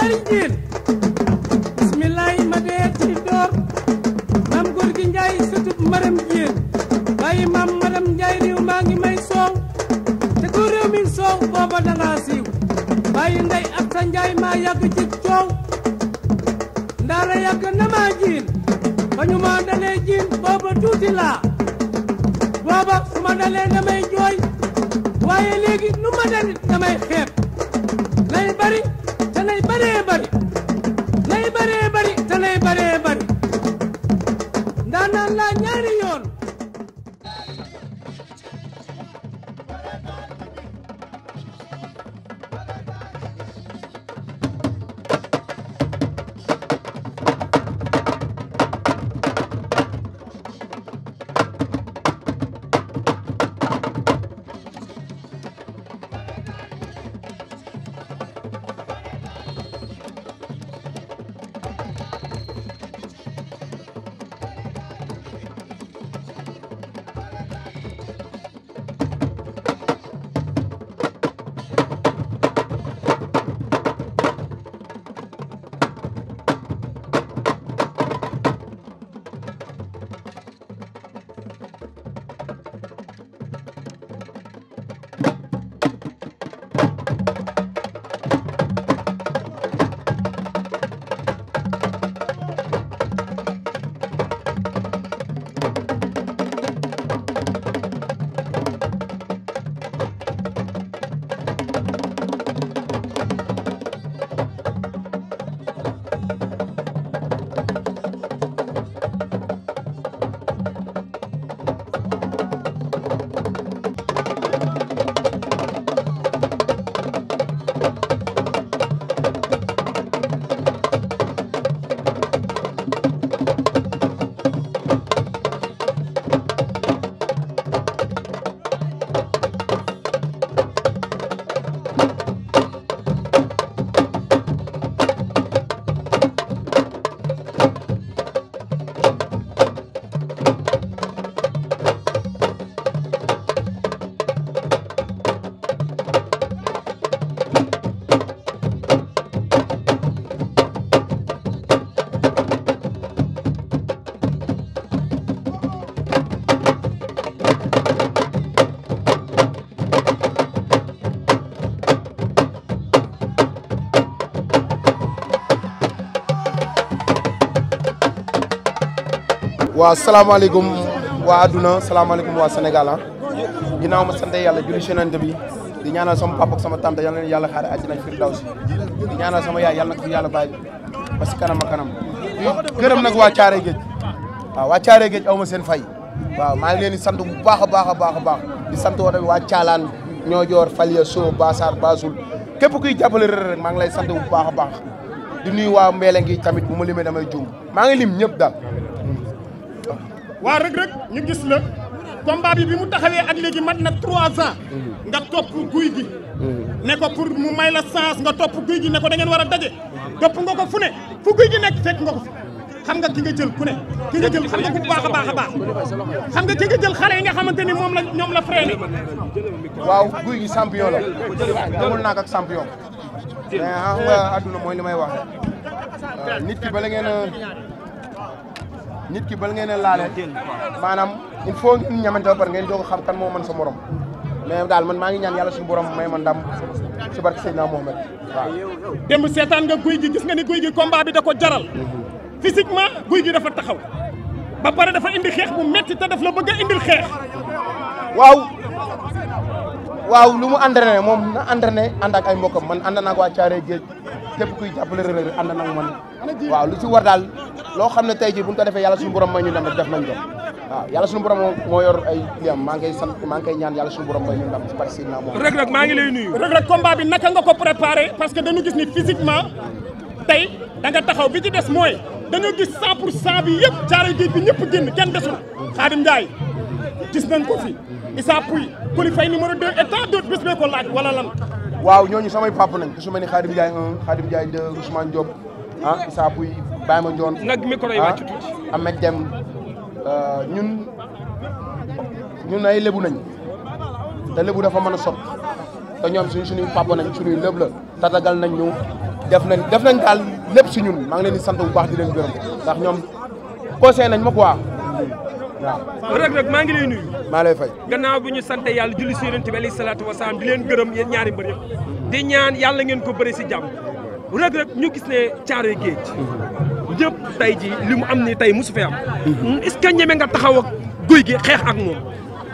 lari jiin bismillaay njaay sutub maa ngi may soow te ku réew mi soow booba dangaa siiw bàyyi ndey ak sa njaay maa yàgg ci coow ndaala yàgg na maa jiin ba ñu ma dalee jiin booba tuuti laa booba su ma dalee damay jooy waaye léegi nu ma dalit damay xeeb lay bari waaw salaamaaleykum waa adduna salaamaaleykum waa Sénégal ah ma sant yàlla julli senante bi di ñaanal sama papa sama tante yal na leen yàlla xaare àjjana firdawsi di ñaanal sama yaay yàlla na ko fi yàlla bàyyi parce kanam a kanam gërëm nag waa Caare Géej waaw waa Caare Géej aw ma seen fay waaw maa ngi leen di sant bu baax a baax a baax a baax sant woo tamit waa Caalaan ñoo joor Falia Sow Basar Basul képp kuy jàppale Reug Reug maa ngi lay sant bu baax a baax di nuyu waa Mbeeleng gi tamit bu ma limee damay juum maa ngi lim ñëpp daal waa Reug Reug ñu gis la combat bi bi mu taxawee ak léegi mat na trois ans nga topp guy gi ne ko pour mu may la chance nga topp guy gi ne ko da ngeen war a daje topp nga ko fu ne fu guy gi nekk fekk nga ko fi xam nga ki nga jël ku ne ki nga jël xam nga ku baax a baax a baax xam nga ki jël xale yi nga xamante ni moom la ñoom la freiné waaw guy gi champion la amul naak ak champion mais xam nga adduna mooy li may wax nit ki bala ngeen a nit ki bal ngeen a laale maanaam il faut ngeen ñamantal par ngeen doog xam kan mo man sa morom mais dal man ma ngi ñaan yalla suñu borom may man dam ci barke Seydina mohammed dem setan nga guuy gi gis nga ni guuy gi combat bi da ko jaral. physiquement guuy gi dafa taxaw ba pare dafa indi xex bu metti te daf la bëgg indi xex waw waw lu mu entraîné mom na entraîné andak ay mbokam man andana ko a ciaré geej képp kuy jàppale Reug Reug ànd nag man waaw lu ci war daal loo xam ne tey jii bu ñu ko defee yàlla suñu borom may ñu ndam def nañ ko waaw yàlla suñu borom moo yor ay liyam maa ngi koy sant maa ngi koy ñaan yàlla suñu borom may ñu ndam ci parc Seydina moom Reug Reug maa ngi lay nuyu Reug Reug combat bi naka nga ko préparé parce que dañu gis ni physiquement tey da nga taxaw bi ci des mooy dañoo gis 100 pour cent bi yëpp jaare géej bi ñëpp génn kenn desul Khadim Ndiaye gis nañ ko fi Issa Pouye Coly Faye numéro 2 et tant d'autres bés bee ko laaj wala lan waaw ñooñu samay papa nañ ku su mel ni Khadim Ndiaye 1 Khadim Ndiaye 2 Ousmane Diop ah Issa Pouye Baye Mandione ah Ahmed Deme euh, ñun ñun ay lébu nañ te lébu dafa mën a sot te ñoom suñ suñuy papa nañ suñuy léb la tatagal nañ ñu def nañ def nañ daal lépp si ñun maa ngi leen di sant bu baax di leen gërëm ndax ñoom conseil nañ ma quoi waaw. rek rek maa ngi lay nuyu. maa lay fay gannaaw bi ñu sant yàlla julli si yonent bi alayhi salaatu wa salaam di leen gërëm yéen ñaari di ñaan yàlla ngeen ko bëri si jàmm Reug Reug ñu gis ne caaroy géej yëpp tey ji li mu am ni tey mosu fee am est ñeme nga taxaw ak guy gi xeex ak moom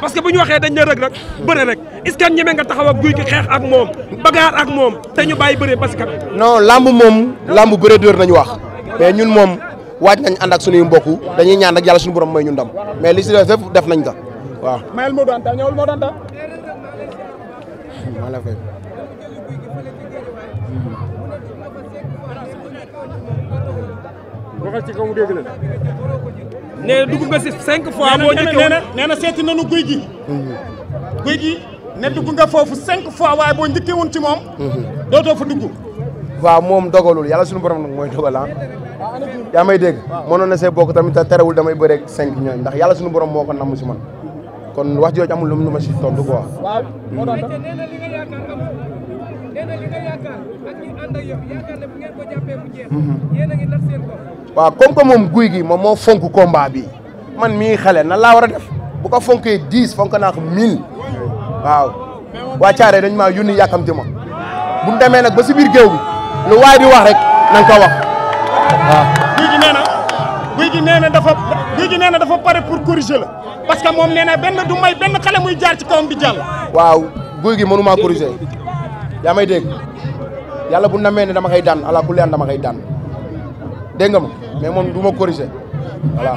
parce que bu ñu waxee dañ ne Reug Reug bëre rek est ñeme nga taxaw ak guy xeex ak moom bagaar ak moom te ñu bàyyi bëree parce que non làmb moom làmb bëre dóor nañu wax mais ñun moom waaj nañ ànd ak suñuy mbokk dañuy ñaan rek yàlla suñu borom may ñu ndam mais li si def def nañ ko waaw ah. mayel Modou Anta ñëwal Modou Anta ci kaw mu dégg la nga fois moo njëkk nee na nee nañu guy gi mhm. guy gi ne dugg nga foofu cinq fois waaye boo njëkkee woon ci moom mhm. dootoo fa dugg waaw moom dogalul yàlla suñu borom nag mooy dogal ah, ah yaa may dégg na see bokk tamit te terewul damay bëreeg cinq ñooñ ndax yàlla suñu borom moo ko namm man kon wax joj amul lu mu ma si tontu quoi. waaw hmm. mo do tam. nee li nga yakkar amul neena li nga yakkar ak ñi and ak yow yakkar ne bu ngeen ko jappé mu jeex. Hmm. yéen ngi nax seen waaw kom ko mom guuy gi mom mo fonk combat bi man mi xalé na la wara a def bu ko fonké 10 fonk na ko 1000 waaw wa Thiaré dañ maa yónni yàkkamti ma bu démé nak ba ci bir géew bi lu way di wax rek nang ko wax waaw. Ah. dafa léegi nee na dafa la parce que moom nee na benn du may benn xale muy jaar ci kawam di jàll. waaw guy gi mënumaa corriger yaa may dégg yàlla bu namee ne dama koy daan ala kulli dama kay daan dégg nga ma mais moom du ma corriger voilà.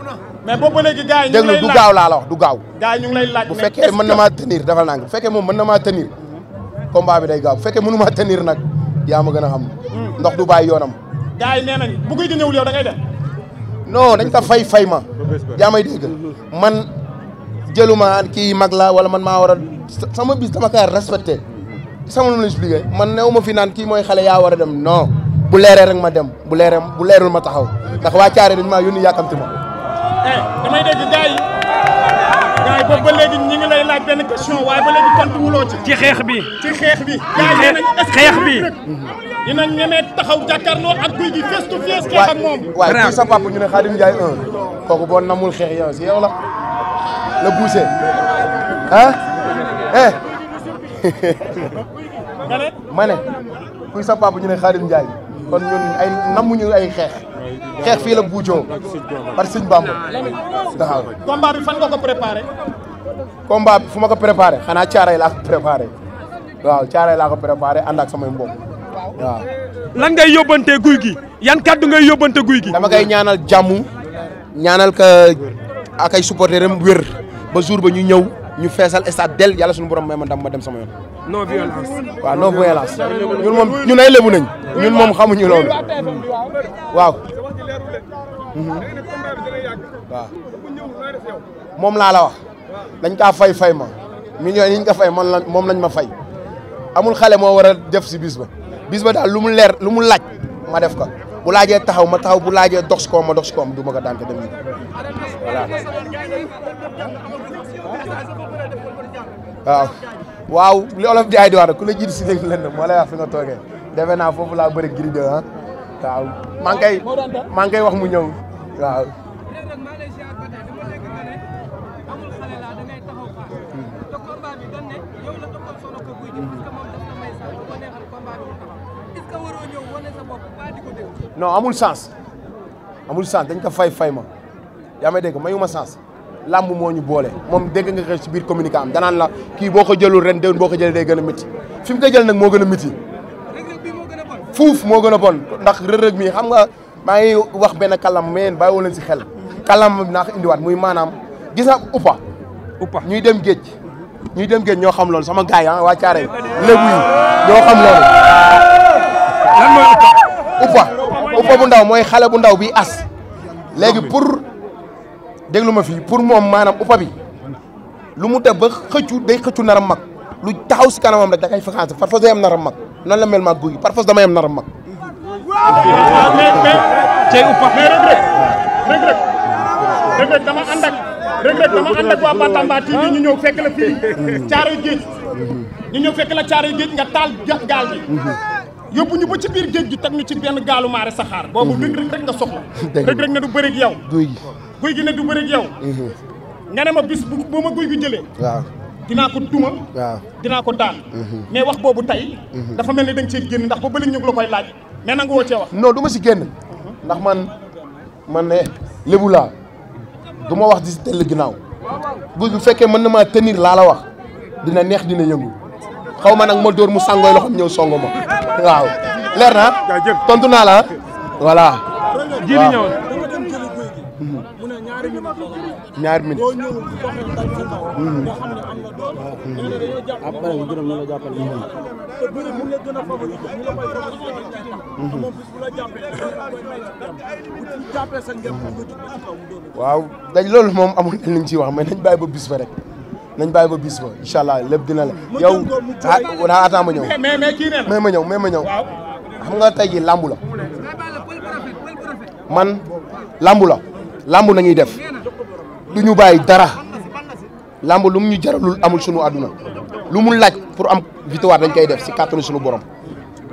mais boobu ba léegi gars yi ñu ngi gaaw laa la gaaw. gars yi ñu ngi bu fekkee mën na maa tenir dafa nang bu fekkee moom mën na maa tenir combat bi day gaaw bu fekkee mënu maa nag yaa ma gën a xam. Hmm. ndox du bàyyi yoonam. gars yi nee nañu bu guy gi ñëwul yow da ngay dem. non fay fay ma. yaa may dégg man jëluma kii mag la wala man maa war a sama bis dama kaa respecté sama nu mu la expliqué man new ma fi naan kii mooy xale yaa war a dem non bu leeree rek ma dem bu leeree bu leerul ma taxaw ndax waa caare dañ maa yónni yàkkamti ma eh damay dégg gars yi ba léegi ñu lay laaj benn question waaye ba léegi tontu wuloo ci. ci bi ci xeex bi. gars yi dinañ xeex bi. dinañ ñeme taxaw jàkkaarloo ak guy gi face to ak moom waay waay sa papa ñu ne Khadim Ndiaye un kooku boo namul xeex yow si yow la la buuse ah eh. ma ne sa papa ñu ne Khadim Ndiaye kon namuñu ay xeex. xeex fii la buujoo par sëñ Bamba waaw. combat bi fan nga ko préparé. fu ma ko préparé xanaa caaray laa ko préparé waaw caaray laa ko préparé ànd ak samay mbokk waaw. lan ngay yóbbante guy gi yan kaddu ngay yóbbante guy gi. dama koy ñaanal jàmm ñaanal ka ak ay supporter wér ba jour ba ñu ñëw ñu feesal stade del yàlla suñu borom may ma ndam dem sama yoon. non violence. waaw ñun moom ñun ay lébu ñun moom xamuñu waaw. waaw moom laa la wax dañ kaa fay fay ma millions yi ñu ko fay man la moom lañ ma fay amul xale moo war a def si biis ba biis ba daal lu mu leer lu mu laaj ma def ko bu laajee taxaw ma taxaw bu laajee dox si koom ma dox si koom du ma ko daan ko dem voilà waaw waaw li olof di ay di wax ku la jiit si léegi lenn moo lay wax fi nga toogee defe naa foofu laa bëri giri waaw maa ngi maa ngi koy wax mu ñëw waaw. non amul sens amul sens dañ ko fay fay ma yaa may dégg mayuma sens làmb moo ñu boole moom dégg nga ko ci biir communiqué la kii boo ko jëlul ren déwén boo ko jëlee day gën a métti fi mu koy jël nag moo gën a métti fuuf moo gën a bon ndax rërëg mi xam nga maa ngi wax benn kalam mais bàyyi woo leen si xel kalam naax indiwaat muy maanaam gis nga uppa ñuy dem géej ñuy dem géej ñoo xam loolu sama gars yi ah waa Thiaré lébu yi ñoo xam loolu lan mooy bu ndaw mooy xale bu ndaw bi as léegi pour déglu ma fii pour moom maanaam uppa bi lu mu def ba xëccu day xëccu naram mag lu taxaw si kanamam rek da kay fekkaat far fa doy am naram mag noonu la mel ma guy par force dama yem naram mag. mais mais Thiel ou pas. mais Reug Reug Reug Reug Reug Reug dama ànd ak Reug ñu ñëw fekk la fii Caaroy Géej ñu ñëw fekk la Caaroy Géej nga taal gaal gi. yóbbu ñu ba ci biir géej gi teg ñu ci benn gaalu maare saxaar. boobu Reug Reug rek nga soxla. Reug Reug ne du bëri ak yow. guy gi guy du bëri ak yow. Mhm. nga ne ma bis bu ma guy gi jëlee. dinaa ko duma. waaw dinaa ko daan. Mhm. mais wax boobu tey. Mhm. dafa mel ni dañ nga cee génn ndax ba bële ñu la koy laaj mais nangu woo cee wax. no du si génn ndax man man ne lébu ma wax di si tell ginnaaw bu bu fekkee mën na maa tenir laa la wax dina neex dina yëngu xaw ma nag ma dóor mu sàngooy loxoom ñëw songu ma waaw leer naa tontu naa la voilà. waaw jiitu ñëwoon. ñaari minutes. Hmm. Ah, hmm. ah, hmm. waaw dañ loolu moom amul li ñu ciy wax mais nañ bàyyi ba bis rek. nañ bàyyi ba bis ba allah lépp dina le yow ah attends ma ñëw. mais mais kii nee na ma ma ñëw. xam nga tey la. man làmb la làmb nañuy def. du ñu bàyyi dara làmb lu mu ñu jaralul amul sunu àdduna lu mu laaj pour am victoire dañ koy def si kàttanu sunu borom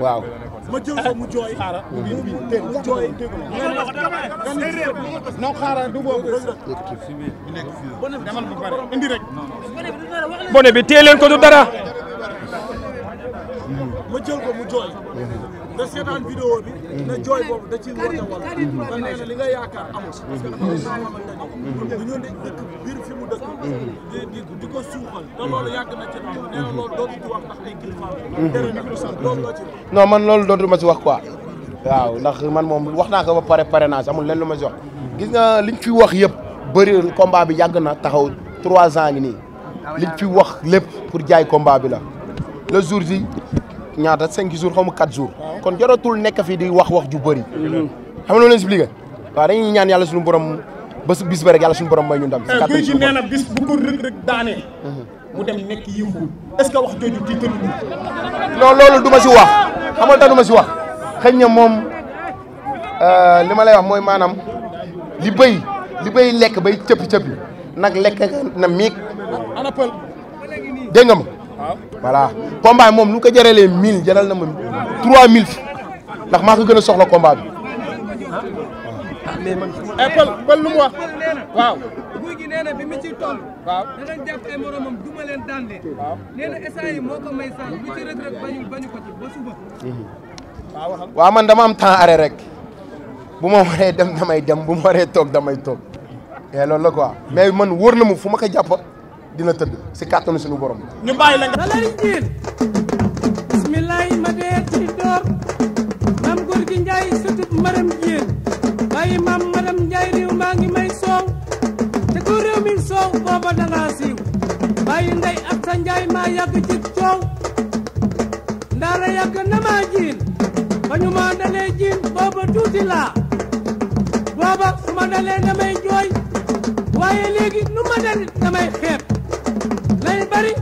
waaw. ma jël ko bone bi téye leen ko dara. na seetaan loolu yàgg na ci ci wax ndax man loolu dootu ma si wax quoi waaw ndax man moom wax naa ko ba pare pare naa si amul leen lu ma si wax gis nga liñ fi wax yëpp bëri combat bi yàgg na taxaw trois ans ngi nii liñ fi wax lépp pour jaay combat bi la le jour ji ñaata cinq jours xaw ma quatre jours. kon jaratul nekk fi di wax wax ju bëri. xam nga loolu expliqué. waaw dañuy ñaan yàlla sunu borom ba su bis ba rek yàlla suñu borom may ñu ndam. si Guy gi nee na bis bu ko Reug Reug daanee. Mhm. mu dem nekk yëngu est-ce que wax jooju ci tëdd non loolu du ma si wax xam nga du ma si wax xëy na moom euh, li ma lay wax mooy maanaam li bëy li bëy lekk ba bay cëppi cëppi nag lekk na miig. dégg ma. voilà combat moom lu ko jaralee 1000 jaral na ma 3000 ndax maa ko gën a soxla combat bi. Ah, man. Eh, Pël Pël lu mu wax waaw. guy gi nee bi mu ciy waaw danañ jàpp ay moromam duma leen daan de. waaw man dama am temps arrêt rek bu ma waree dem damay dem bu ma waree toog damay toog et eh, loolu la quoi mais man wóor na mu fu ma ko jàpp. dina tëdd si kàttanu suñu borom. ñu bàyyi la nga. dalay jiin bismillaay ma dee ci door maam góor gi Njaay sëtub maram jiin bàyyi maam maram Njaay réew maa ngi may soow te ko réew mi soow booba dangaa siiw bàyyi ndey ak sa Njaay maa yàgg ci coow ndaara yàgg na maa jiin ba ñu maa dalee booba tuuti laa booba su ma dalee damay jooy waaye léegi nu ma dalit damay xeeb bari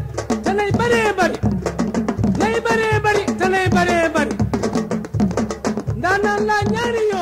te nay bëree bari nay bëree bari te laa ñaari yoon